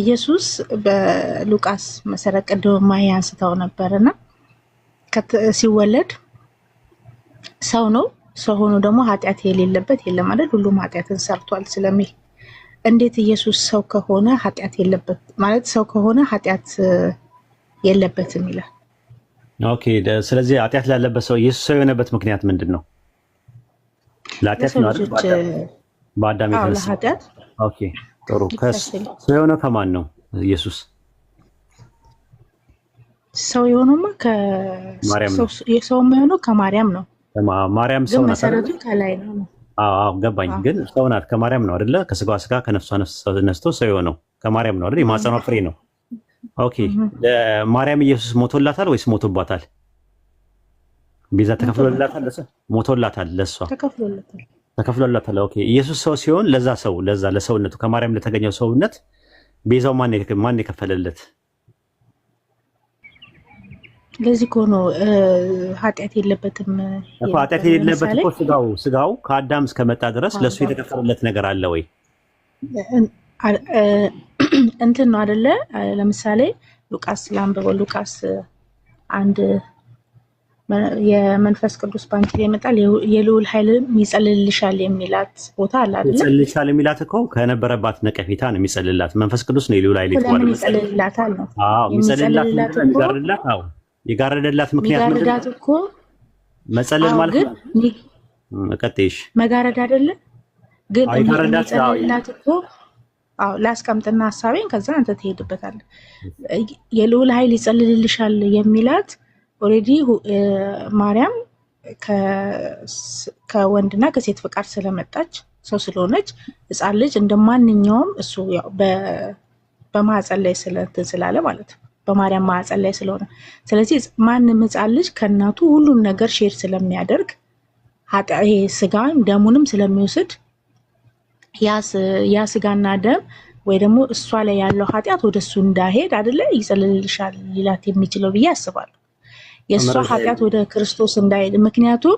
ኢየሱስ በሉቃስ መሰረት ቅድም ማያ አንስተው ነበርና ሲወለድ ሰው ነው። ሰው ሆኖ ደግሞ ኃጢአት የሌለበት የለም ማለት ሁሉም ኃጢአትን ሰርቷል ስለሚል እንዴት ኢየሱስ ሰው ከሆነ ኃጢአት የለበት ማለት ሰው ከሆነ ኃጢአት የለበትም ይላል። ኦኬ ስለዚህ ኃጢአት ላለበት ሰው ኢየሱስ ሰው የሆነበት ምክንያት ምንድን ነው? ለኃጢአት ነው አይደል? በአዳም የተነሳ ኦኬ ጥሩ የሆነ ከማን ነው ኢየሱስ ሰው የሆነውማ የሰውም የሆነው ከማርያም ነው። ማርያም ሰው መሰረቱ ከላይ ነው። አዎ ገባኝ። ግን ሰው ናት ከማርያም ነው አደለ? ከስጋ ስጋ ከነፍሷ ነስቶ ሰው የሆነው ከማርያም ነው አይደል የማጸኗ ፍሬ ነው። ኦኬ ማርያም ኢየሱስ ሞቶላታል ወይስ ሞቶባታል? ቤዛ ተከፍሎላታል? ሞቶላታል ለሷ ተከፍሎላታል። ኦኬ ኢየሱስ ሰው ሲሆን ለዛ ሰው ለዛ ለሰውነቱ ከማርያም ለተገኘው ሰውነት ቤዛው ማን የከፈለለት? ለዚህ እኮ ነው ኃጢአት የለበትም። ኃጢአት የሌለበት እኮ ስጋው ስጋው ከአዳም እስከመጣ ድረስ ለእሱ የተከፈለለት ነገር አለ ወይ? እንትን ነው አደለ? ለምሳሌ ሉቃስ ላንብበው ሉቃስ አንድ የመንፈስ ቅዱስ በአንቺ ላይ ይመጣል፣ የልዑል ኃይልም ይጸልልሻል የሚላት ቦታ አለ አይደል? ይጸልልሻል የሚላት እኮ ከነበረባት ነቀፌታ ነው የሚጸልላት። መንፈስ ቅዱስ ነው የልዑል ኃይል ይባል ነው የጋረደላት ምክንያት ምንድን እኮ መጸለል ማለት ነው። ቀጥይሽ መጋረድ አይደለም ግን የሚጸልልላት እኮ አዎ ላስቀምጥና ሀሳቤን ከዛ አንተ ትሄድበታለህ። የልዑል ኃይል ይጸልልልሻል የሚላት ኦልሬዲ ማርያም ከወንድና ከሴት ፍቃድ ስለመጣች ሰው ስለሆነች ህፃን ልጅ እንደ ማንኛውም እሱ በማህፀን ላይ ስለትን ስላለ ማለት ነው በማርያም ማህፀን ላይ ስለሆነ ስለዚህ ማንም ህፃን ልጅ ከእናቱ ሁሉም ነገር ሼር ስለሚያደርግ ይሄ ስጋም ደሙንም ስለሚወስድ ያ ስጋና ደም ወይ ደግሞ እሷ ላይ ያለው ኃጢአት ወደ እሱ እንዳሄድ አደለ ይጸልልልሻል ሊላት የሚችለው ብዬ አስባለሁ። የእሷ ኃጢአት ወደ ክርስቶስ እንዳይል። ምክንያቱም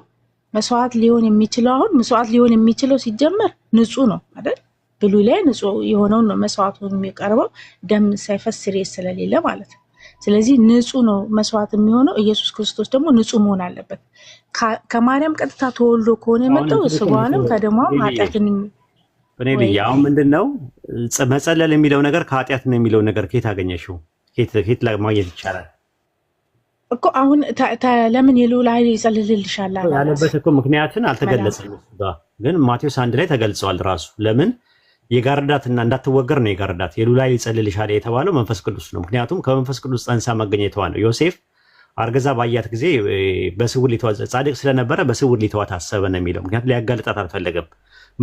መስዋዕት ሊሆን የሚችለው አሁን መስዋዕት ሊሆን የሚችለው ሲጀመር ንጹህ ነው አይደል? ብሉይ ላይ ንጹህ የሆነውን ነው መስዋዕት የሚቀርበው ደም ሳይፈስ ስርየት ስለሌለ ማለት ነው። ስለዚህ ንጹህ ነው መስዋዕት የሚሆነው። ኢየሱስ ክርስቶስ ደግሞ ንጹህ መሆን አለበት። ከማርያም ቀጥታ ተወልዶ ከሆነ የመጣው ስጋዋንም ከደሟም ኃጢአትን እኔ ልዬ ምንድን ነው መጸለል የሚለው ነገር ከኃጢአት ነው የሚለው ነገር ከየት አገኘሽው? ከየት ለማግኘት ይቻላል? እኮ አሁን ለምን የልዑል ኃይል ይጸልልልሻል ያለበት እኮ ምክንያትን አልተገለጸም። ግን ማቴዎስ አንድ ላይ ተገልጸዋል። ራሱ ለምን የጋርዳትና እንዳትወገር ነው የጋርዳት የልዑል ኃይል ይጸልልሻል የተባለው መንፈስ ቅዱስ ነው። ምክንያቱም ከመንፈስ ቅዱስ ጸንሳ መገኘቷ ነው። ዮሴፍ አርገዛ ባያት ጊዜ በስውር ሊተዋ ጻድቅ ስለነበረ በስውር ሊተዋ ታሰበ ነው የሚለው። ምክንያቱም ሊያጋልጣት አልፈለገም።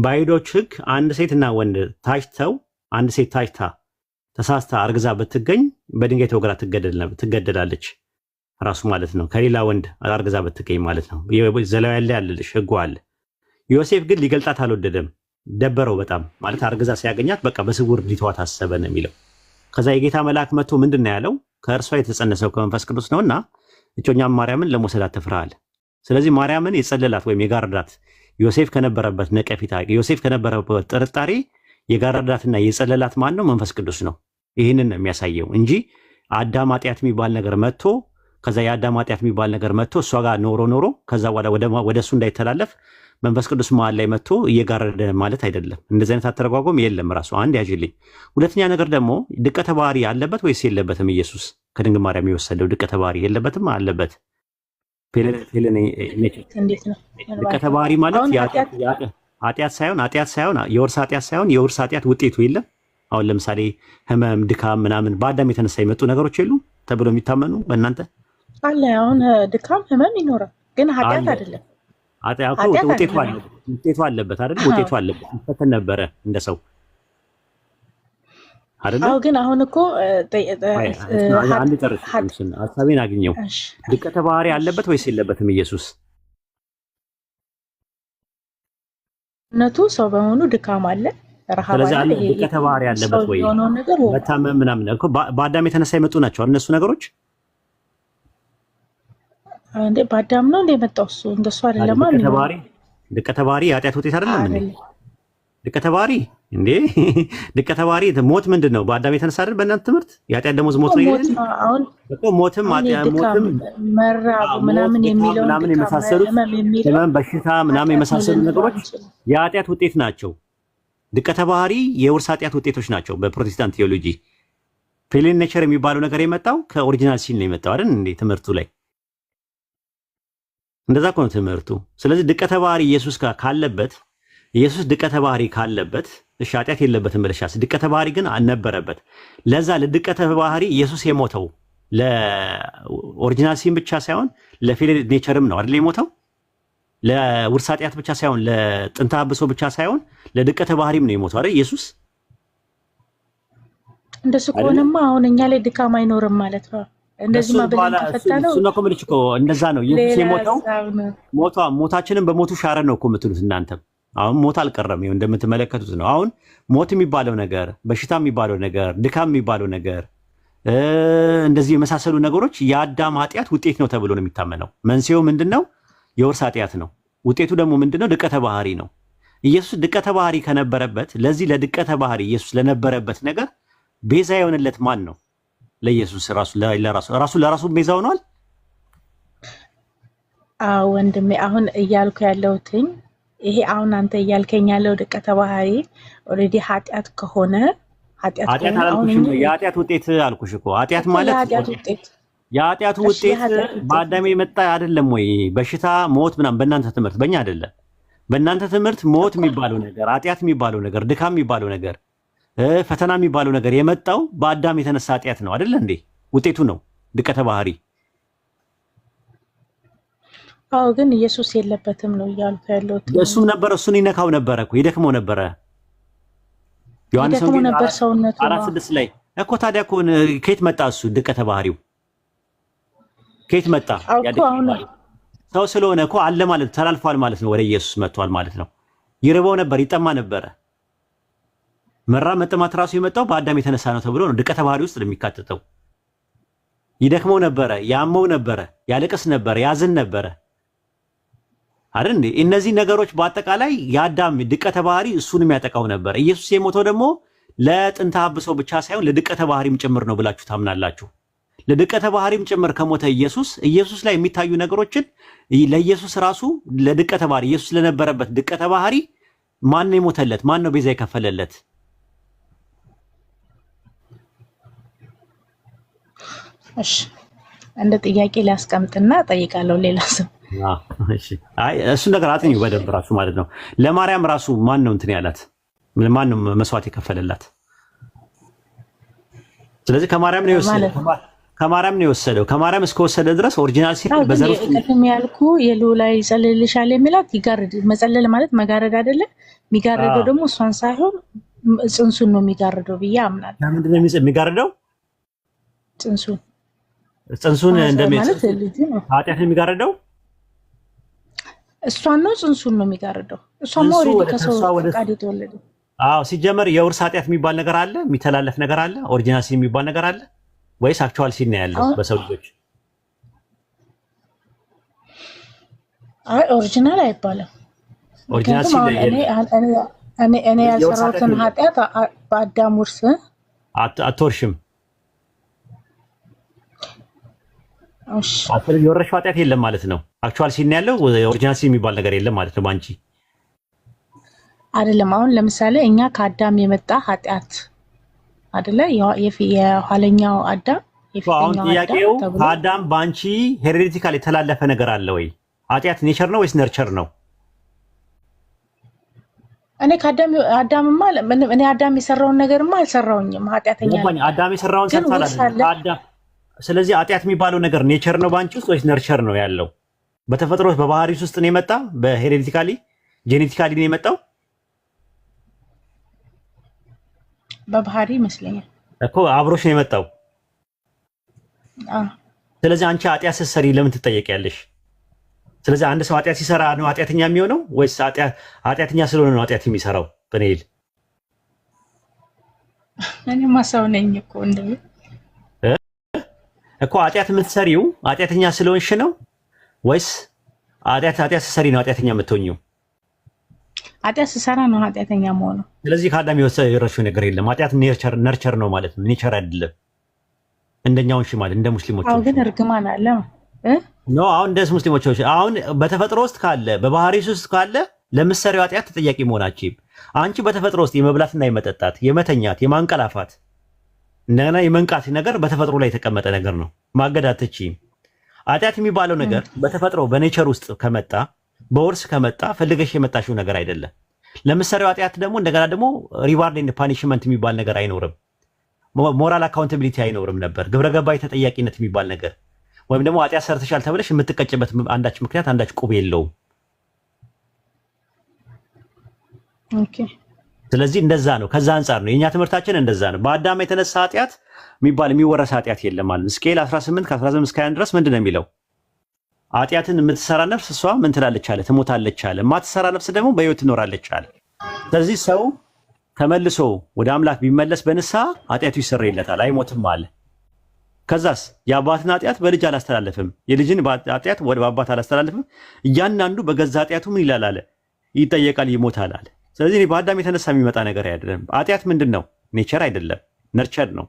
በአይሁዶች ሕግ አንድ ሴትና ወንድ ታጭተው አንድ ሴት ታጭታ ተሳስታ አርግዛ ብትገኝ በድንጋይ ተወግራ ትገደላለች። ራሱ ማለት ነው ከሌላ ወንድ አርግዛ ብትገኝ ማለት ነው ዘለው ያለ ያለልሽ ህጉ አለ። ዮሴፍ ግን ሊገልጣት አልወደደም፣ ደበረው በጣም ማለት አርግዛ ሲያገኛት በቃ በስውር እንዲተዋት አሰበ ነው የሚለው። ከዛ የጌታ መልአክ መጥቶ ምንድን ነው ያለው? ከእርሷ የተጸነሰው ከመንፈስ ቅዱስ ነውና እጮኛም ማርያምን ለመውሰድ አትፍራ ስለዚህ ማርያምን የጸለላት ወይም የጋረዳት ዮሴፍ ከነበረበት ነቀፊታ፣ ዮሴፍ ከነበረበት ጥርጣሬ የጋረዳትና የጸለላት ማን ነው? መንፈስ ቅዱስ ነው። ይህንን ነው የሚያሳየው እንጂ አዳም ኃጢአት የሚባል ነገር መጥቶ ከዛ የአዳም ኃጢአት የሚባል ነገር መጥቶ እሷ ጋር ኖሮ ኖሮ ከዛ ወደ እሱ እንዳይተላለፍ መንፈስ ቅዱስ መሀል ላይ መጥቶ እየጋረደ ማለት አይደለም። እንደዚህ አይነት አተረጓጎም የለም። ራሱ አንድ ያዥልኝ። ሁለተኛ ነገር ደግሞ ድቀተ ባህሪ አለበት ወይስ የለበትም? ኢየሱስ ከድንግል ማርያም የወሰደው ድቀተ ባህሪ የለበትም? አለበት። ድቀተ ባህሪ ማለት ኃጢአት ሳይሆን ኃጢአት ሳይሆን የውርስ ኃጢአት ሳይሆን የውርስ ኃጢአት ውጤቱ የለም። አሁን ለምሳሌ ህመም፣ ድካም ምናምን በአዳም የተነሳ የመጡ ነገሮች የሉ ተብሎ የሚታመኑ በእናንተ አለ። አሁን ድካም ህመም ይኖራል፣ ግን ኃጢአት አይደለም። ውጤቱ አለበት አይደል? ውጤቱ አለበት ይፈተን ነበረ እንደ ሰው አዎ ግን አሁን እኮ አንድ ጠርስ ሀሳቤን አግኘው። ድቀተ ባህሪ አለበት ወይስ የለበትም? ኢየሱስ እነቱ ሰው በመሆኑ ድካም አለ፣ ረሃብ አለ። ድቀተ ባህሪ አለበት ወይ? መታመም ምናምን በአዳም የተነሳ የመጡ ናቸው እነሱ ነገሮች እንዴ በአዳም ነው እንደ የመጣው እሱ እንደሱ አይደለም። ድቀተ ተባሪ የኃጢአት ውጤት አይደለም እንዴ? ድቀተ ተባሪ እንዴ? ድቀተ ተባሪ ሞት ምንድን ነው? በአዳም የተነሳ አይደል? በእናንተ ትምህርት የኃጢአት ደሞዝ ሞት ነው ይላል እኮ። ሞትም ሞትም መራብ ምናምን የሚለው ምናምን የመሳሰሉት ህመም፣ በሽታ ምናምን የመሳሰሉ ነገሮች የኃጢአት ውጤት ናቸው። ድቀተ ባህሪ የውርስ ኃጢአት ውጤቶች ናቸው። በፕሮቴስታንት ቴዎሎጂ ፕሌን ኔቸር የሚባለው ነገር የመጣው ከኦሪጂናል ሲል ነው የመጣው አይደል እንዴ ትምህርቱ ላይ እንደዛ እኮ ነው ትምህርቱ። ስለዚህ ድቀተ ባህሪ ኢየሱስ ካለበት ኢየሱስ ድቀተ ባህሪ ካለበት እሺ፣ ኃጢአት የለበትም ብለሻል። ድቀተ ባህሪ ግን ነበረበት። ለዛ ለድቀተ ባህሪ ኢየሱስ የሞተው ለኦሪጂናል ሲን ብቻ ሳይሆን ለፊል ኔቸርም ነው አይደል? የሞተው ለውርስ ኃጢአት ብቻ ሳይሆን ለጥንተ አብሶ ብቻ ሳይሆን ለድቀተ ባህሪም ነው የሞተው አይደል? ኢየሱስ እንደሱ ከሆነማ አሁን እኛ ላይ ድካም አይኖርም ማለት ነው። እንደዚህ ነው እንደዛ ነው ሞቷ ሞታችንን በሞቱ ሻረ ነው እኮ የምትሉት እናንተም። አሁን ሞት አልቀረም፣ ይኸው እንደምትመለከቱት ነው። አሁን ሞት የሚባለው ነገር፣ በሽታ የሚባለው ነገር፣ ድካም የሚባለው ነገር እንደዚህ የመሳሰሉ ነገሮች የአዳም ኃጢአት ውጤት ነው ተብሎ ነው የሚታመነው። መንስኤው ምንድን ነው? የውርስ ኃጢአት ነው። ውጤቱ ደግሞ ምንድነው ድቀተ ባህሪ ነው። ኢየሱስ ድቀተ ባህሪ ከነበረበት ለዚህ ለድቀተ ባህሪ ኢየሱስ ለነበረበት ነገር ቤዛ የሆነለት ማን ነው? ለኢየሱስ ራሱ ለራሱ ራሱ ለራሱ ቤዛ ሆኗል። አዎ ወንድሜ፣ አሁን እያልኩ ያለሁትኝ ይሄ አሁን አንተ እያልከኝ ያለው ደቀ ባህሪ ኦልሬዲ ኃጢአት ከሆነ የኃጢአት ውጤት አልኩሽ እኮ ኃጢአት ማለት የኃጢአቱ ውጤት በአዳም የመጣ አይደለም ወይ? በሽታ፣ ሞት ምናምን በእናንተ ትምህርት፣ በእኛ አይደለም። በእናንተ ትምህርት ሞት የሚባለው ነገር ኃጢአት የሚባለው ነገር ድካም የሚባለው ነገር ፈተና የሚባለው ነገር የመጣው በአዳም የተነሳ ኃጢአት ነው አደለ እንዴ? ውጤቱ ነው ድቀተ ባህሪ። አዎ፣ ግን ኢየሱስ የለበትም ነው እያልኩ ያለሁት። እሱም ነበረ እሱን ይነካው ነበረ ይደክመው ነበረ። ዮሐንስ ነበር ሰውነቱ አራት ስድስት ላይ እኮ ታዲያ እኮ ከየት መጣ እሱ ድቀተ ባህሪው ከየት መጣ? ሰው ስለሆነ እኮ አለ ማለት ተላልፏል ማለት ነው። ወደ ኢየሱስ መጥቷል ማለት ነው። ይርበው ነበር፣ ይጠማ ነበረ መራ መጠማት ራሱ የመጣው በአዳም የተነሳ ነው ተብሎ ነው ድቀተ ባህሪ ውስጥ ለሚካተተው ይደክመው ነበረ፣ ያመው ነበረ፣ ያለቅስ ነበረ፣ ያዝን ነበረ አይደል እንዴ? እነዚህ ነገሮች በአጠቃላይ የአዳም ድቀተ ባህሪ እሱን የሚያጠቃው ነበር። ኢየሱስ የሞተው ደግሞ ለጥንተ አብሶ ብቻ ሳይሆን ለድቀተ ባህሪም ጭምር ነው ብላችሁ ታምናላችሁ። ለድቀተ ባህሪም ጭምር ከሞተ ኢየሱስ ኢየሱስ ላይ የሚታዩ ነገሮችን ለኢየሱስ ራሱ ለድቀተ ባህሪ ኢየሱስ ለነበረበት ድቀተ ባህሪ ማን ነው የሞተለት? ማን ነው ቤዛ የከፈለለት? እሺ እንደ ጥያቄ ሊያስቀምጥና ጠይቃለሁ። ሌላ ሰው እሱ ነገር አጥኝ በደንብ ራሱ ማለት ነው። ለማርያም ራሱ ማን ነው እንትን ያላት? ማን ነው መስዋዕት የከፈለላት? ስለዚህ ከማርያም ነው የወሰደው። ከማርያም ነው የወሰደው። ከማርያም እስከወሰደ ድረስ ኦሪጂናል ሲል በዘር ቅድም ያልኩ የልዑላዊ ይጸልልሻል የሚላት ይጋርድ መጸለል ማለት መጋረድ አይደለ? የሚጋረደው ደግሞ እሷን ሳይሆን ጽንሱን ነው የሚጋርደው ብዬ አምናለሁ። ምንድነው የሚጋርደው? ጽንሱን ጽንሱን እንደሚያጽፍ ኃጢአት የሚጋረደው እሷን ነው ጽንሱን ነው የሚጋርደው። እሷማ ኦልሬዲ ፈቃድ የተወለደ። አዎ ሲጀመር የውርስ ኃጢአት የሚባል ነገር አለ፣ የሚተላለፍ ነገር አለ፣ ኦሪጂናል ሲን የሚባል ነገር አለ ወይስ አክቹዋል ሲን ነው ያለው በሰው ልጆች? አይ ኦሪጂናል አይባልም። ኦሪጂናል ሲን እኔ ያልሰራሁትን ኃጢአት በአዳም ውርስ አትወርሽም አስር የወረሽው ኃጢአት የለም ማለት ነው። አክቹዋል ሲን ያለው ኦሪጂናል ሲን የሚባል ነገር የለም ማለት ነው በአንቺ አይደለም። አሁን ለምሳሌ እኛ ከአዳም የመጣ ኃጢአት አይደለ? የኋለኛው አዳም አሁን ጥያቄው ከአዳም በአንቺ ሄሬዲቲካል የተላለፈ ነገር አለ ወይ? ኃጢአት ኔቸር ነው ወይስ ነርቸር ነው? እኔ ከአዳም አዳምማ እኔ አዳም የሰራውን ነገርማ አልሰራውኝም። ኃጢአተኛ አዳም የሰራውን ሰርታላለ ስለዚህ አጥያት የሚባለው ነገር ኔቸር ነው በአንቺ ውስጥ ወይስ ነርቸር ነው ያለው? በተፈጥሮ በባህሪ ውስጥ ነው የመጣ? በሄሬዲቲካሊ ጄኔቲካሊ ነው የመጣው? በባህሪ ይመስለኛል እኮ አብሮሽ ነው የመጣው። ስለዚህ አንቺ ኃጢአት ስትሰሪ ለምን ትጠየቂያለሽ? ስለዚህ አንድ ሰው አጥያት ሲሰራ ነው ኃጢአተኛ የሚሆነው ወይስ ኃጢአተኛ ስለሆነ ነው አጥያት የሚሰራው? ብንሄድ እኔ ማሰብ ነኝ እኮ እንደሚል እኮ ኃጢአት የምትሰሪው ኃጢአተኛ ስለሆንሽ ነው ወይስ ኃጢአት ኃጢአት ስትሰሪ ነው ኃጢአተኛ የምትሆኝው? ኃጢአት ስትሰራ ነው ኃጢአተኛ መሆነው። ስለዚህ ከአዳም የወረሽው ነገር የለም። ኃጢአት ነርቸር ነው ማለት ነው፣ ኔቸር አይደለም። እንደኛውን ሽ ማለት እንደ ሙስሊሞች ግን እርግማን አለ ኖ አሁን እንደ ሙስሊሞች አሁን በተፈጥሮ ውስጥ ካለ በባህሪሽ ውስጥ ካለ ለምሳሌው ኃጢአት ተጠያቂ መሆናችም አንቺ በተፈጥሮ ውስጥ የመብላትና የመጠጣት የመተኛት የማንቀላፋት እንደገና የመንቃት ነገር በተፈጥሮ ላይ የተቀመጠ ነገር ነው። ማገድ አትችይም። ኃጢአት የሚባለው ነገር በተፈጥሮ በኔቸር ውስጥ ከመጣ በውርስ ከመጣ ፈልገሽ የመጣሽው ነገር አይደለም። ለምሳሌ ኃጢአት ደግሞ እንደገና ደግሞ ሪዋርድ ኤንድ ፓኒሽመንት የሚባል ነገር አይኖርም። ሞራል አካውንታቢሊቲ አይኖርም ነበር። ግብረገባዊ ተጠያቂነት የሚባል ነገር ወይም ደግሞ ኃጢአት ሰርተሻል ተብለሽ የምትቀጭበት አንዳች ምክንያት አንዳች ቁብ የለውም። ስለዚህ እንደዛ ነው። ከዛ አንጻር ነው የኛ ትምህርታችን እንደዛ ነው። በአዳም የተነሳ ኃጢአት የሚባል የሚወረስ ኃጢአት የለም ማለት ስኬል 18 ከ18 እስከ 21 ድረስ ምንድን ነው የሚለው? ኃጢአትን የምትሰራ ነፍስ እሷ ምን ትላለች አለ፣ ትሞታለች አለ። የማትሰራ ነፍስ ደግሞ በህይወት ትኖራለች አለ። ስለዚህ ሰው ተመልሶ ወደ አምላክ ቢመለስ በንስሐ ኃጢአቱ ይሰረይለታል፣ አይሞትም አለ። ከዛስ የአባትን ኃጢአት በልጅ አላስተላለፍም፣ የልጅን ኃጢአት ወደ አባት አላስተላለፍም። እያንዳንዱ በገዛ ኃጢአቱ ምን ይላል አለ፣ ይጠየቃል፣ ይሞታል አለ። ስለዚህ እኔ በአዳም የተነሳ የሚመጣ ነገር አይደለም። ኃጢአት ምንድን ነው? ኔቸር አይደለም፣ ነርቸር ነው።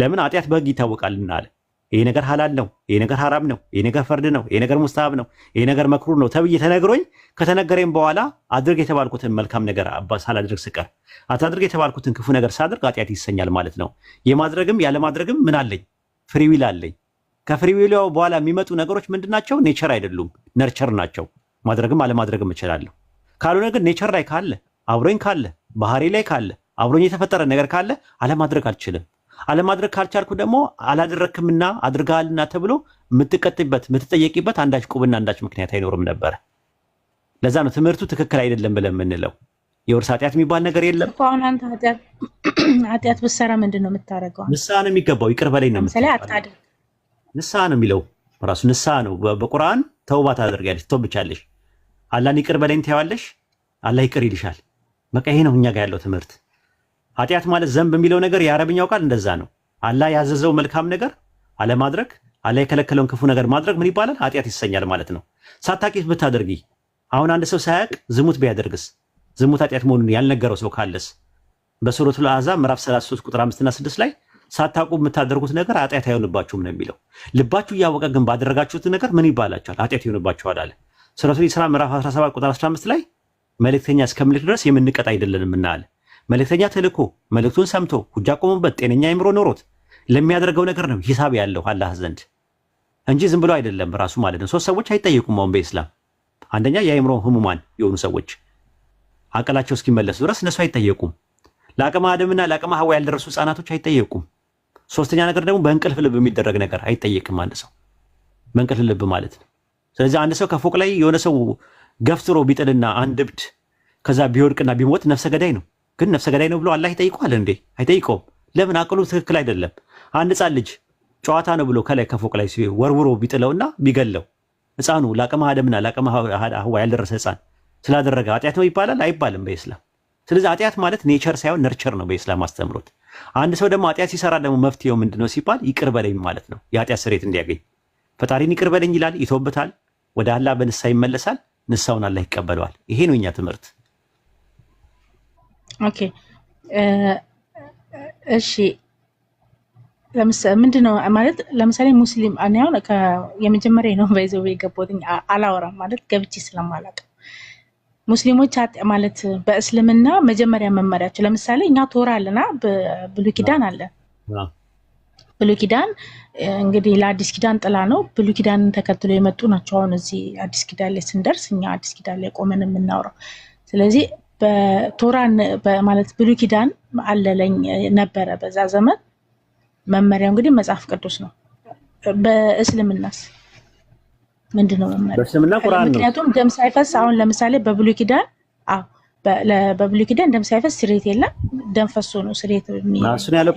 ለምን ኃጢአት በህግ ይታወቃልና አለ። ይሄ ነገር ሀላል ነው፣ ይሄ ነገር ሀራም ነው፣ ይሄ ነገር ፈርድ ነው፣ ይሄ ነገር ሙስታሀብ ነው፣ ይሄ ነገር መክሩ ነው ተብዬ ተነግሮኝ ከተነገረኝ በኋላ አድርግ የተባልኩትን መልካም ነገር ሳላድርግ ስቀር አታድርግ የተባልኩትን ክፉ ነገር ሳድርግ ኃጢአት ይሰኛል ማለት ነው። የማድረግም ያለማድረግም ምን አለኝ? ፍሪዊል አለኝ። ከፍሪዊል በኋላ የሚመጡ ነገሮች ናቸው ኔቸር አይደሉም፣ ነርቸር ናቸው። ማድረግም አለማድረግም እችላለሁ። ካልሆነ ግን ኔቸር ላይ ካለ አብሮኝ ካለ ባህሪ ላይ ካለ አብሮኝ የተፈጠረ ነገር ካለ አለማድረግ አልችልም። አለማድረግ ካልቻልኩ ደግሞ አላደረክምና አድርገሃልና ተብሎ የምትቀጥበት የምትጠየቂበት አንዳች ቁብና አንዳች ምክንያት አይኖርም ነበረ። ለዛ ነው ትምህርቱ ትክክል አይደለም ብለን የምንለው። የውርስ ኃጢአት የሚባል ነገር የለም። አሁን አንተ ኃጢአት ብትሰራ ምንድን ነው የምታደርገው? ንስሐ ነው የሚገባው። ይቅር በላይ ነው ንስሐ ነው የሚለው ራሱ ንስሐ ነው። በቁርአን ተውባ ታደርጊያለሽ፣ ትቶብቻለሽ። አላህን ይቅር በለኝ ትይዋለሽ፣ አላህ ይቅር ይልሻል። በቃ ይሄ ነው እኛ ጋር ያለው ትምህርት። ኃጢአት ማለት ዘንብ የሚለው ነገር የአረብኛው ቃል እንደዛ ነው። አላህ ያዘዘው መልካም ነገር አለማድረግ፣ አላህ የከለከለውን ክፉ ነገር ማድረግ ምን ይባላል? ኃጢአት ይሰኛል ማለት ነው። ሳታቂፍ ብታደርጊ፣ አሁን አንድ ሰው ሳያቅ ዝሙት ቢያደርግስ? ዝሙት ኃጢአት መሆኑን ያልነገረው ሰው ካለስ? በሱረቱ ለአዛ ምዕራፍ 33 ቁጥር 5 እና 6 ላይ ሳታውቁ የምታደርጉት ነገር ኃጢአት አይሆንባችሁም ነው የሚለው። ልባችሁ እያወቀ ግን ባደረጋችሁት ነገር ምን ይባላችኋል? ኃጢአት ይሆንባችኋል አለ። ሱረቱ ኢስራ ምዕራፍ 17 ቁጥር 15 ላይ መልእክተኛ እስከምልክ ድረስ የምንቀጥ አይደለንም እና አለ። መልእክተኛ ተልኮ መልእክቱን ሰምቶ ሁጃ ቆሙበት ጤነኛ አይምሮ ኖሮት ለሚያደርገው ነገር ነው ሂሳብ ያለው አላህ ዘንድ እንጂ ዝም ብሎ አይደለም ራሱ ማለት ነው። ሶስት ሰዎች አይጠየቁም አሁን በኢስላም አንደኛ የአይምሮ ህሙማን የሆኑ ሰዎች አቀላቸው እስኪመለሱ ድረስ እነሱ አይጠየቁም። ለአቅመ አደምና ለአቅመ ሀዋ ያልደረሱ ህጻናቶች አይጠየቁም። ሶስተኛ ነገር ደግሞ በእንቅልፍ ልብ የሚደረግ ነገር አይጠየቅም። አንድ ሰው በእንቅልፍ ልብ ማለት ነው። ስለዚህ አንድ ሰው ከፎቅ ላይ የሆነ ሰው ገፍትሮ ቢጥልና አንድ እብድ ከዛ ቢወድቅና ቢሞት ነፍሰ ገዳይ ነው። ግን ነፍሰ ገዳይ ነው ብሎ አላህ ይጠይቀዋል እንዴ? አይጠይቀውም። ለምን? አቅሉ ትክክል አይደለም። አንድ ህፃን ልጅ ጨዋታ ነው ብሎ ከላይ ከፎቅ ላይ ወርውሮ ቢጥለውና ቢገለው ህፃኑ ለአቅመ አደምና ለአቅመ ሐዋ ያልደረሰ ህፃን ስላደረገ ኃጢአት ነው ይባላል? አይባልም በኢስላም። ስለዚህ ኃጢአት ማለት ኔቸር ሳይሆን ነርቸር ነው በኢስላም አስተምሮት። አንድ ሰው ደግሞ ኃጢአት ሲሰራ ደግሞ መፍትሄው ምንድን ነው ሲባል ይቅር በለኝ ማለት ነው። የኃጢአት ስሬት እንዲያገኝ ፈጣሪን ይቅር በለኝ ይላል፣ ይቶበታል፣ ወደ አላህ በንሳ ይመለሳል። ንሳውን አላህ ይቀበለዋል። ይሄ ነው እኛ ትምህርት። ኦኬ እሺ። ምንድን ነው ማለት ለምሳሌ ሙስሊም እኔ አሁን የመጀመሪያ ነው በይዘው የገባት አላወራም ማለት ገብቼ ስለማላቅ ሙስሊሞች ማለት በእስልምና መጀመሪያ መመሪያቸው ለምሳሌ እኛ ቶራ አለና ብሉይ ኪዳን አለ ብሉይ ኪዳን እንግዲህ ለአዲስ ኪዳን ጥላ ነው። ብሉይ ኪዳንን ተከትሎ የመጡ ናቸው። አሁን እዚህ አዲስ ኪዳን ላይ ስንደርስ እኛ አዲስ ኪዳን ላይ ቆመን የምናውረው። ስለዚህ በቶራን ማለት ብሉይ ኪዳን አለለኝ ነበረ በዛ ዘመን። መመሪያው እንግዲህ መጽሐፍ ቅዱስ ነው። በእስልምናስ ምንድን ነው መመሪያ? ምክንያቱም ደም ሳይፈስ አሁን ለምሳሌ በብሉይ ኪዳን በብሉይ ኪዳን ደም ሳይፈስ ስሬት የለም። ደም ፈሶ ነው ስሬት እሱን ያለው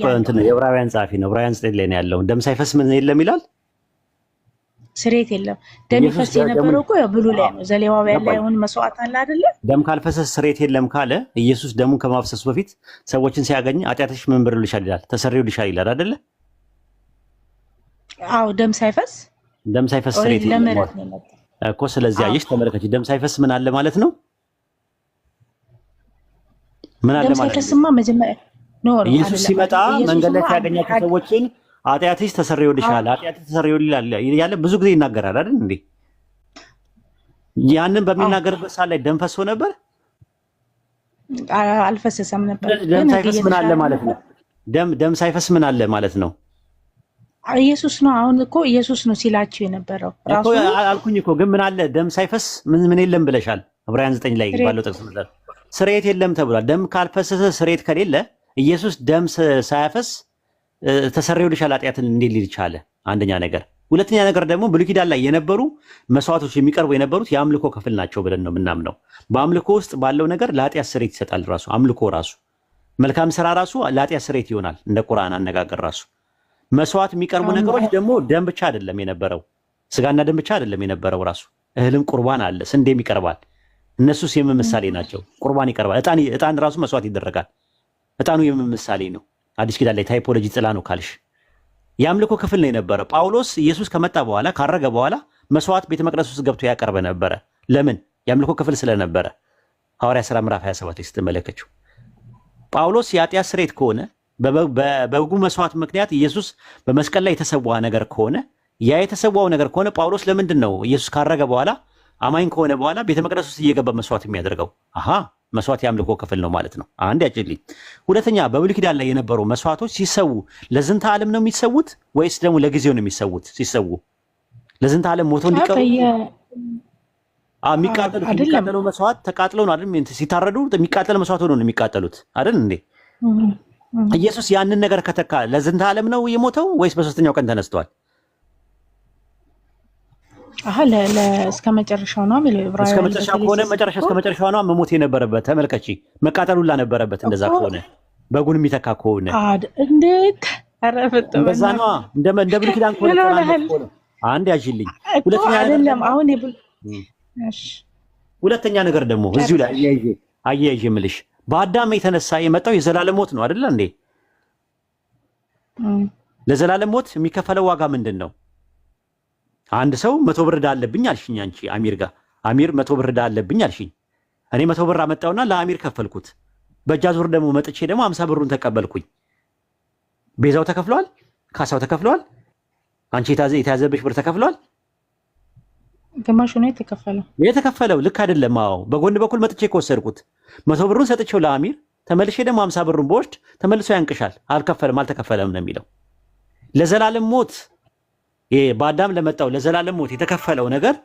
የዕብራውያን ጸሐፊ ነው። ዕብራውያን ዘጠኝ ላይ ነው ያለው። ደም ሳይፈስ ምን የለም ይላል፣ ስሬት የለም። ደም ይፈስ የነበረው እኮ ብሉይ ላይ ነው። ዘሌዋውያን ላይ አሁን መስዋዕት አለ አይደለ? ደም ካልፈሰስ ስሬት የለም ካለ ኢየሱስ ደሙን ከማፍሰሱ በፊት ሰዎችን ሲያገኝ ኃጢአትሽ ምን ብሎልሻል ይላል፣ ተሰሪውልሻል ይላል አይደለ? አዎ ደም ሳይፈስ ደም ሳይፈስ ስሬት የለም እኮ። ስለዚህ አየሽ ተመለከች፣ ደም ሳይፈስ ምን አለ ማለት ነው ምን አለ ማለት ኢየሱስ ሲመጣ መንገድ ላይ ሲያገኛቸው ሰዎችን ኃጢአትሽ ተሰርዮልሻል፣ ኃጢአትሽ ተሰርዮልሻል ያለ ብዙ ጊዜ ይናገራል አይደል እንዴ? ያንን በሚናገርበት ሰዓት ላይ ደም ፈሶ ነበር? አልፈሰሰም ነበር። ደም ሳይፈስ ምን አለ ማለት ነው? ደም ደም ሳይፈስ ምን አለ ማለት ነው? ኢየሱስ ነው። አሁን እኮ ኢየሱስ ነው ሲላችሁ የነበረው ራሱ አልኩኝ እኮ። ግን ምን አለ ደም ሳይፈስ ምን ምን የለም ብለሻል። ዕብራውያን ዘጠኝ ላይ ባለው ጥቅስ መሰረት ስርየት የለም ተብሏል። ደም ካልፈሰሰ ስርየት ከሌለ ኢየሱስ ደም ሳያፈስ ተሰረዩልሻል ኃጢአትን እንዴት ሊል ቻለ? አንደኛ ነገር። ሁለተኛ ነገር ደግሞ ብሉይ ኪዳን ላይ የነበሩ መስዋዕቶች የሚቀርቡ የነበሩት የአምልኮ ክፍል ናቸው ብለን ነው የምናምነው። በአምልኮ ውስጥ ባለው ነገር ለኃጢአት ስርየት ይሰጣል። ራሱ አምልኮ ራሱ መልካም ስራ ራሱ ለኃጢአት ስርየት ይሆናል። እንደ ቁርአን አነጋገር ራሱ መስዋዕት የሚቀርቡ ነገሮች ደግሞ ደም ብቻ አይደለም የነበረው፣ ስጋና ደም ብቻ አይደለም የነበረው። ራሱ እህልም ቁርባን አለ፣ ስንዴም ይቀርባል። እነሱ የምን ምሳሌ ናቸው? ቁርባን ይቀርባል። እጣን እጣን ራሱ መስዋዕት ይደረጋል። እጣኑ የምን ምሳሌ ነው? አዲስ ኪዳን ላይ ታይፖሎጂ ጥላ ነው ካልሽ የአምልኮ ክፍል ነው የነበረ። ጳውሎስ ኢየሱስ ከመጣ በኋላ ካረገ በኋላ መስዋዕት ቤተ መቅደስ ውስጥ ገብቶ ያቀርበ ነበረ። ለምን? የአምልኮ ክፍል ስለነበረ። ሐዋርያ ሥራ ምዕራፍ 27 ስትመለከችው ጳውሎስ የኃጢአት ስሬት ከሆነ በበጉ መስዋዕት ምክንያት ኢየሱስ በመስቀል ላይ የተሰዋ ነገር ከሆነ ያ የተሰዋው ነገር ከሆነ ጳውሎስ ለምንድን ነው ኢየሱስ ካረገ በኋላ አማኝ ከሆነ በኋላ ቤተ መቅደስ ውስጥ እየገባ መስዋዕት የሚያደርገው አሀ መስዋዕት የአምልኮ ክፍል ነው ማለት ነው። አንድ ያጭልኝ። ሁለተኛ በብሉይ ኪዳን ላይ የነበሩ መስዋዕቶች ሲሰዉ ለዝንተ ዓለም ነው የሚሰዉት ወይስ ደግሞ ለጊዜው ነው የሚሰዉት? ሲሰዉ ለዝንተ ዓለም ሞቶ እንዲቀሩ የሚቃጠሉ መስዋዕት ተቃጥለው ነው አይደል? ሲታረዱ የሚቃጠል መስዋዕት ሆኖ ነው የሚቃጠሉት አይደል እንዴ? ኢየሱስ ያንን ነገር ከተካ ለዝንተ ዓለም ነው የሞተው ወይስ በሶስተኛው ቀን ተነስተዋል? እስከ መጨረሻው ነው የሚለው። እስከ መጨረሻ ከሆነ መጨረሻ እስከ ነው መሞት የነበረበት ተመልከቺ፣ መቃጠሉ ነበረበት። እንደዛ ከሆነ በጉን የሚተካ ከሆነ እንዴት እንደ ብሉይ ኪዳን ከሆነ አንድ ያዥልኝ። ሁለተኛ አይደለም አሁን ሁለተኛ ነገር ደግሞ እዚሁ ላይ አያይዤ የምልሽ በአዳም የተነሳ የመጣው የዘላለም ሞት ነው አይደለ እንዴ? ለዘላለም ሞት የሚከፈለው ዋጋ ምንድን ነው? አንድ ሰው መቶ ብር ዕዳ አለብኝ አልሽኝ አንቺ አሚር ጋር አሚር መቶ ብር ዕዳ አለብኝ አልሽኝ። እኔ መቶ ብር አመጣውና ለአሚር ከፈልኩት። በእጃ ዙር ደግሞ መጥቼ ደግሞ አምሳ ብሩን ተቀበልኩኝ። ቤዛው ተከፍሏል ካሳው ተከፍሏል። አንቺ የተያዘብሽ ብር ተከፍሏል። ግማሽ ነው የተከፈለው የተከፈለው ልክ አይደለም። አዎ በጎን በኩል መጥቼ ከወሰድኩት መቶ ብሩን ሰጥቼው ለአሚር ተመልሼ ደግሞ አምሳ ብሩን በወስድ ተመልሶ ያንቅሻል። አልከፈለም አልተከፈለም ነው የሚለው ለዘላለም ሞት በአዳም ለመጣው ለዘላለም ሞት የተከፈለው ነገር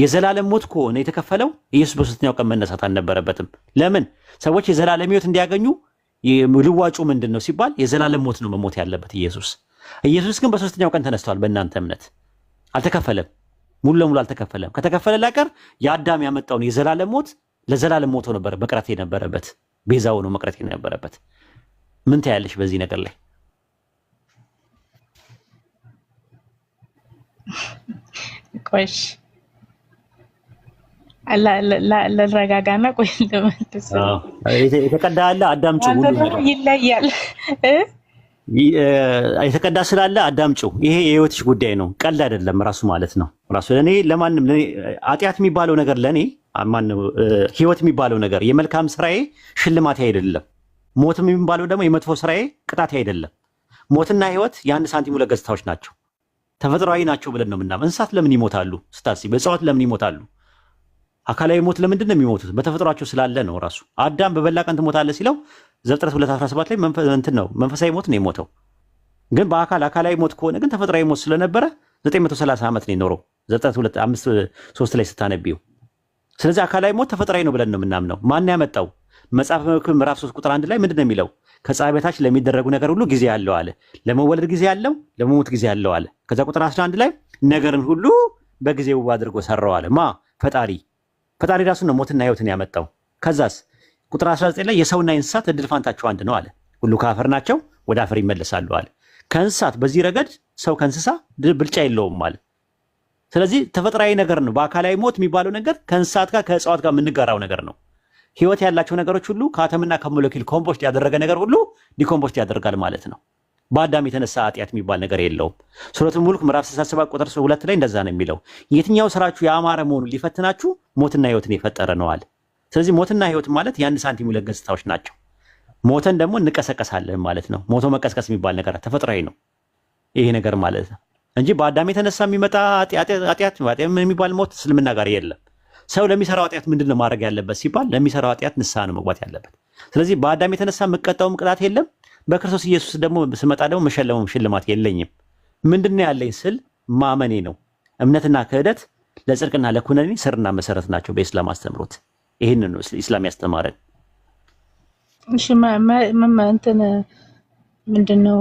የዘላለም ሞት ከሆነ የተከፈለው ኢየሱስ በሶስተኛው ቀን መነሳት አልነበረበትም። ለምን? ሰዎች የዘላለም ህይወት እንዲያገኙ ልዋጩ ምንድን ነው ሲባል የዘላለም ሞት ነው መሞት ያለበት ኢየሱስ። ኢየሱስ ግን በሶስተኛው ቀን ተነስተዋል። በእናንተ እምነት አልተከፈለም፣ ሙሉ ለሙሉ አልተከፈለም። ከተከፈለ ላቀር የአዳም ያመጣውን የዘላለም ሞት ለዘላለም ሞቶ ነበር መቅረት የነበረበት፣ ቤዛ ሆኖ መቅረት የነበረበት። ምን ታያለሽ በዚህ ነገር ላይ? ቆሽ ልረጋጋና ቆይ ልመልስ። የተቀዳ አለ አዳምጪው። ይለያል የተቀዳ ስላለ አዳምጪው። ይሄ የህይወትሽ ጉዳይ ነው፣ ቀልድ አይደለም። ራሱ ማለት ነው ራሱ ለእኔ ለማንም አጢአት የሚባለው ነገር ለእኔ ማነው ህይወት የሚባለው ነገር የመልካም ስራዬ ሽልማት አይደለም። ሞት የሚባለው ደግሞ የመጥፎ ስራዬ ቅጣት አይደለም። ሞትና ህይወት የአንድ ሳንቲም ሁለት ገጽታዎች ናቸው። ተፈጥሯዊ ናቸው ብለን ነው ምናምን። እንስሳት ለምን ይሞታሉ ስታሲ በእጽዋት ለምን ይሞታሉ? አካላዊ ሞት ለምንድን ነው የሚሞቱት? በተፈጥሯቸው ስላለ ነው። ራሱ አዳም በበላ ቀን ትሞታለ ሲለው ዘፍጥረት 217 ላይ እንትን ነው መንፈሳዊ ሞት ነው የሞተው። ግን በአካል አካላዊ ሞት ከሆነ ግን ተፈጥሯዊ ሞት ስለነበረ 930 ዓመት ነው የኖረው ዘፍጥረት 5 ላይ ስታነቢው። ስለዚህ አካላዊ ሞት ተፈጥሯዊ ነው ብለን ነው ምናምነው። ማን ያመጣው? መጽሐፈ መክብብ ምዕራፍ 3 ቁጥር 1 ላይ ምንድን ነው የሚለው? ከፀሐይ በታች ለሚደረጉ ነገር ሁሉ ጊዜ ያለው አለ። ለመወለድ ጊዜ ያለው፣ ለመሞት ጊዜ ያለው አለ። ከዛ ቁጥር 11 ላይ ነገርን ሁሉ በጊዜው አድርጎ ሰራው አለ። ማ ፈጣሪ ፈጣሪ ራሱ ነው ሞትና ህይወትን ያመጣው። ከዛስ ቁጥር 19 ላይ የሰውና የእንስሳት እድል ፋንታቸው አንድ ነው አለ። ሁሉ ከአፈር ናቸው፣ ወደ አፈር ይመለሳሉ አለ። ከእንስሳት በዚህ ረገድ ሰው ከእንስሳ ብልጫ የለውም አለ። ስለዚህ ተፈጥሯዊ ነገር ነው። በአካላዊ ሞት የሚባለው ነገር ከእንስሳት ጋር ከእጽዋት ጋር የምንጋራው ነገር ነው። ህይወት ያላቸው ነገሮች ሁሉ ከአተምና ከሞለኪል ኮምፖስት ያደረገ ነገር ሁሉ ዲኮምፖስት ያደርጋል ማለት ነው። በአዳም የተነሳ ኃጢአት የሚባል ነገር የለውም። ሱረቱ ሙልክ ምዕራፍ 67 ቁጥር ሁለት ላይ እንደዛ ነው የሚለው የትኛው ስራችሁ የአማረ መሆኑን ሊፈትናችሁ ሞትና ህይወትን የፈጠረ ነዋል። ስለዚህ ሞትና ህይወት ማለት የአንድ ሳንቲም ሁለት ገጽታዎች ናቸው። ሞተን ደግሞ እንቀሰቀሳለን ማለት ነው። ሞቶ መቀስቀስ የሚባል ነገር ተፈጥሯዊ ነው ይሄ ነገር ማለት ነው እንጂ በአዳም የተነሳ የሚመጣ ኃጢአት የሚባል ሞት እስልምና ጋር የለም። ሰው ለሚሰራው ኃጢአት ምንድን ነው ማድረግ ያለበት ሲባል ለሚሰራው ኃጢአት ንስሐ ነው መግባት ያለበት። ስለዚህ በአዳም የተነሳ የምቀጣውም ቅጣት የለም፣ በክርስቶስ ኢየሱስ ደግሞ ስመጣ ደግሞ መሸለሙም ሽልማት የለኝም። ምንድን ነው ያለኝ ስል ማመኔ ነው። እምነትና ክህደት ለጽድቅና ለኩነኔ ስርና መሰረት ናቸው በኢስላም አስተምሮት። ይህን ነው ኢስላም ያስተማረን። እንትን ምንድን ነው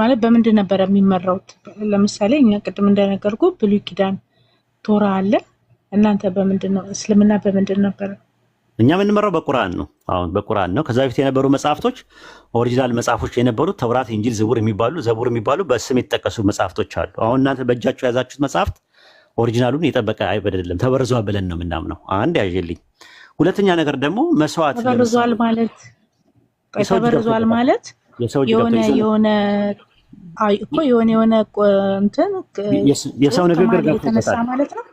ማለት በምንድን ነበረ የሚመራውት? ለምሳሌ እኛ ቅድም እንደነገርኩ ብሉይ ኪዳን ቶራ አለ እናንተ በምንድን ነው እስልምና በምንድን ነበር? እኛ የምንመራው በቁርአን ነው። አሁን በቁርአን ነው። ከዛ በፊት የነበሩ መጽሐፍቶች ኦሪጂናል መጽሐፎች የነበሩት ተውራት፣ ኢንጂል፣ ዝቡር የሚባሉ ዘቡር የሚባሉ በስም የተጠቀሱ መጽሐፍቶች አሉ። አሁን እናንተ በእጃቸው የያዛችሁት መጽሐፍት ኦሪጂናሉን የጠበቀ አይበደለም ተበርዟል ብለን ነው የምናምነው። አንድ ያዥልኝ። ሁለተኛ ነገር ደግሞ መስዋዕት ተበርዟል ማለት ተበርዟል ማለት የሆነ የሆነ እኮ የሆነ የሆነ እንትን የሰው ንግግር የተነሳ ማለት ነው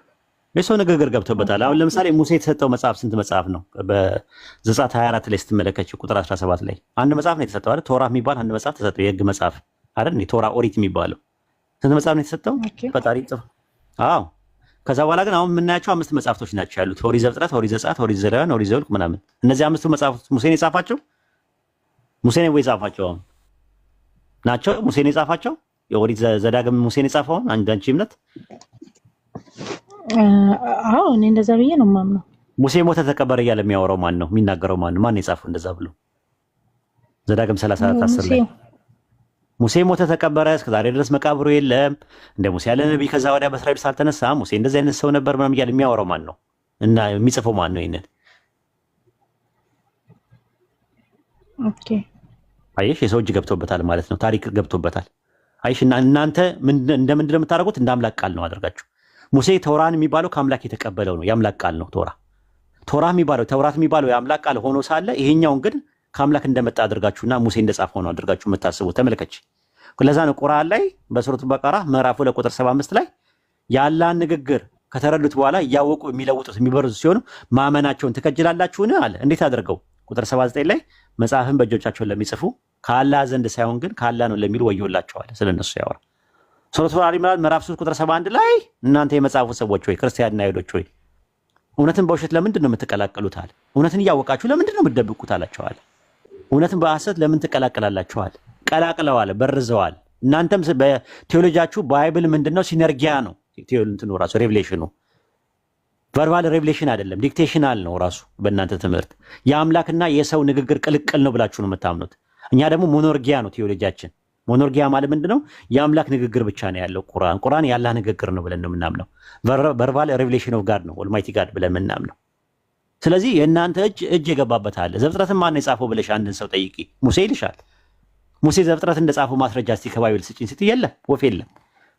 የሰው ንግግር ገብቶበታል። አሁን ለምሳሌ ሙሴ የተሰጠው መጽሐፍ ስንት መጽሐፍ ነው? በዘጸአት 24 ላይ ስትመለከች ቁጥር 17 ላይ አንድ መጽሐፍ ነው የተሰጠው አይደል? ቶራ የሚባል አንድ መጽሐፍ ተሰጠው፣ የህግ መጽሐፍ አይደል? ቶራ ኦሪት የሚባለው ስንት መጽሐፍ ነው የተሰጠው? ፈጣሪ ጽፍ። አዎ። ከዛ በኋላ ግን አሁን የምናያቸው አምስት መጽሐፍቶች ናቸው ያሉት፣ ኦሪት ዘፍጥረት፣ ኦሪት ዘጸአት፣ ኦሪት ዘሌዋውያን፣ ኦሪት ዘኍልቍ ምናምን። እነዚህ አምስቱ መጽሐፍቶች ሙሴ ነው የጻፋቸው? ሙሴ ነው የጻፋቸው አሁን ናቸው። ሙሴ ነው የጻፋቸው። የኦሪት ዘዳግም ሙሴ ነው የጻፈውን አንድ እምነት አዎ እኔ እንደዛ ብዬ ነው የማምነው። ሙሴ ሞተ ተቀበረ እያለ የሚያወራው ማን ነው? የሚናገረው ማን ነው? ማን የጻፈው እንደዛ ብሎ ዘዳግም ሰላሳ አራት ላይ ሙሴ ሞተ ተቀበረ፣ እስከዛሬ ድረስ መቃብሩ የለም፣ እንደ ሙሴ ያለ ነቢይ ከዛ ወዲያ በእስራኤል ሳልተነሳ ሙሴ እንደዚህ አይነት ሰው ነበር ምናምን እያለ የሚያወራው ማን ነው? እና የሚጽፈው ማን ነው? ይህንን አየሽ፣ የሰው እጅ ገብቶበታል ማለት ነው። ታሪክ ገብቶበታል። አይሽ እናንተ እንደምንድን ነው የምታደርጉት? እንደ አምላክ ቃል ነው አደርጋችሁ ሙሴ ተውራን የሚባለው ከአምላክ የተቀበለው ነው። የአምላክ ቃል ነው። ቶራ ቶራ የሚባለው ተውራት የሚባለው የአምላክ ቃል ሆኖ ሳለ ይሄኛውን ግን ከአምላክ እንደመጣ አድርጋችሁና ሙሴ እንደጻፈው ነው አድርጋችሁ የምታስቡ ተመልከች። ለዛ ነው ቁርአን ላይ በሱረቱ በቀራ ምዕራፉ ለቁጥር 75 ላይ የአላህን ንግግር ከተረዱት በኋላ እያወቁ የሚለውጡት የሚበርዙ ሲሆኑ ማመናቸውን ትከጅላላችሁን አለ። እንዴት አድርገው? ቁጥር 79 ላይ መጽሐፍን በእጆቻቸውን ለሚጽፉ ከአላህ ዘንድ ሳይሆን ግን ከአላህ ነው ለሚሉ ወዮላቸዋል። ስለነሱ ያወራል። ሱረቱል አሊ ምራል ምዕራፍ 3 ቁጥር 71 ላይ እናንተ የመጽሐፉ ሰዎች ሆይ ክርስቲያንና ይሁዶች ሆይ እውነትን በውሸት ለምንድን ነው የምትቀላቀሉት አለ። እውነትን እያወቃችሁ ለምንድን ነው የምትደብቁት አላቸዋል። እውነትን በሐሰት ለምን ትቀላቀላላችኋል? ቀላቅለዋል፣ በርዘዋል። እናንተም በቴዎሎጂያችሁ ባይብል ምንድነው? ሲነርጊያ ነው ነው ራሱ ሬቭሌሽኑ ቨርባል ሬቭሌሽን አይደለም፣ ዲክቴሽናል ነው ራሱ። በእናንተ ትምህርት የአምላክና የሰው ንግግር ቅልቅል ነው ብላችሁ ነው የምታምኑት። እኛ ደግሞ ሞኖርጊያ ነው ቴዎሎጂያችን። ሞኖርጊያ ማለት ምንድን ነው? የአምላክ ንግግር ብቻ ነው ያለው ቁርአን። ቁርአን ያላህ ንግግር ነው ብለን ነው የምናምነው። ቨርባል ሬቪሌሽን ኦፍ ጋድ ነው ኦልማይቲ ጋድ ብለን የምናምነው። ስለዚህ የእናንተ እጅ እጅ የገባበት አለ። ዘፍጥረትን ማን የጻፈው ብለሽ አንድን ሰው ጠይቂ፣ ሙሴ ይልሻል። ሙሴ ዘፍጥረት እንደጻፈው ማስረጃ እስቲ ከባይብል ስጭኝ ስትይ የለ ወፍ የለም።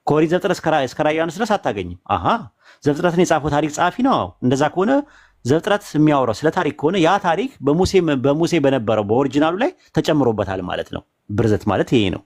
ከኦሪት ዘፍጥረት እስከ ራዕየ ዮሐንስ ድረስ አታገኝም። አሃ ዘፍጥረትን የጻፈው ታሪክ ጸሐፊ ነው። እንደዛ ከሆነ ዘፍጥረት የሚያወራው ስለ ታሪክ ከሆነ ያ ታሪክ በሙሴ በነበረው በኦሪጂናሉ ላይ ተጨምሮበታል ማለት ነው። ብርዘት ማለት ይሄ ነው።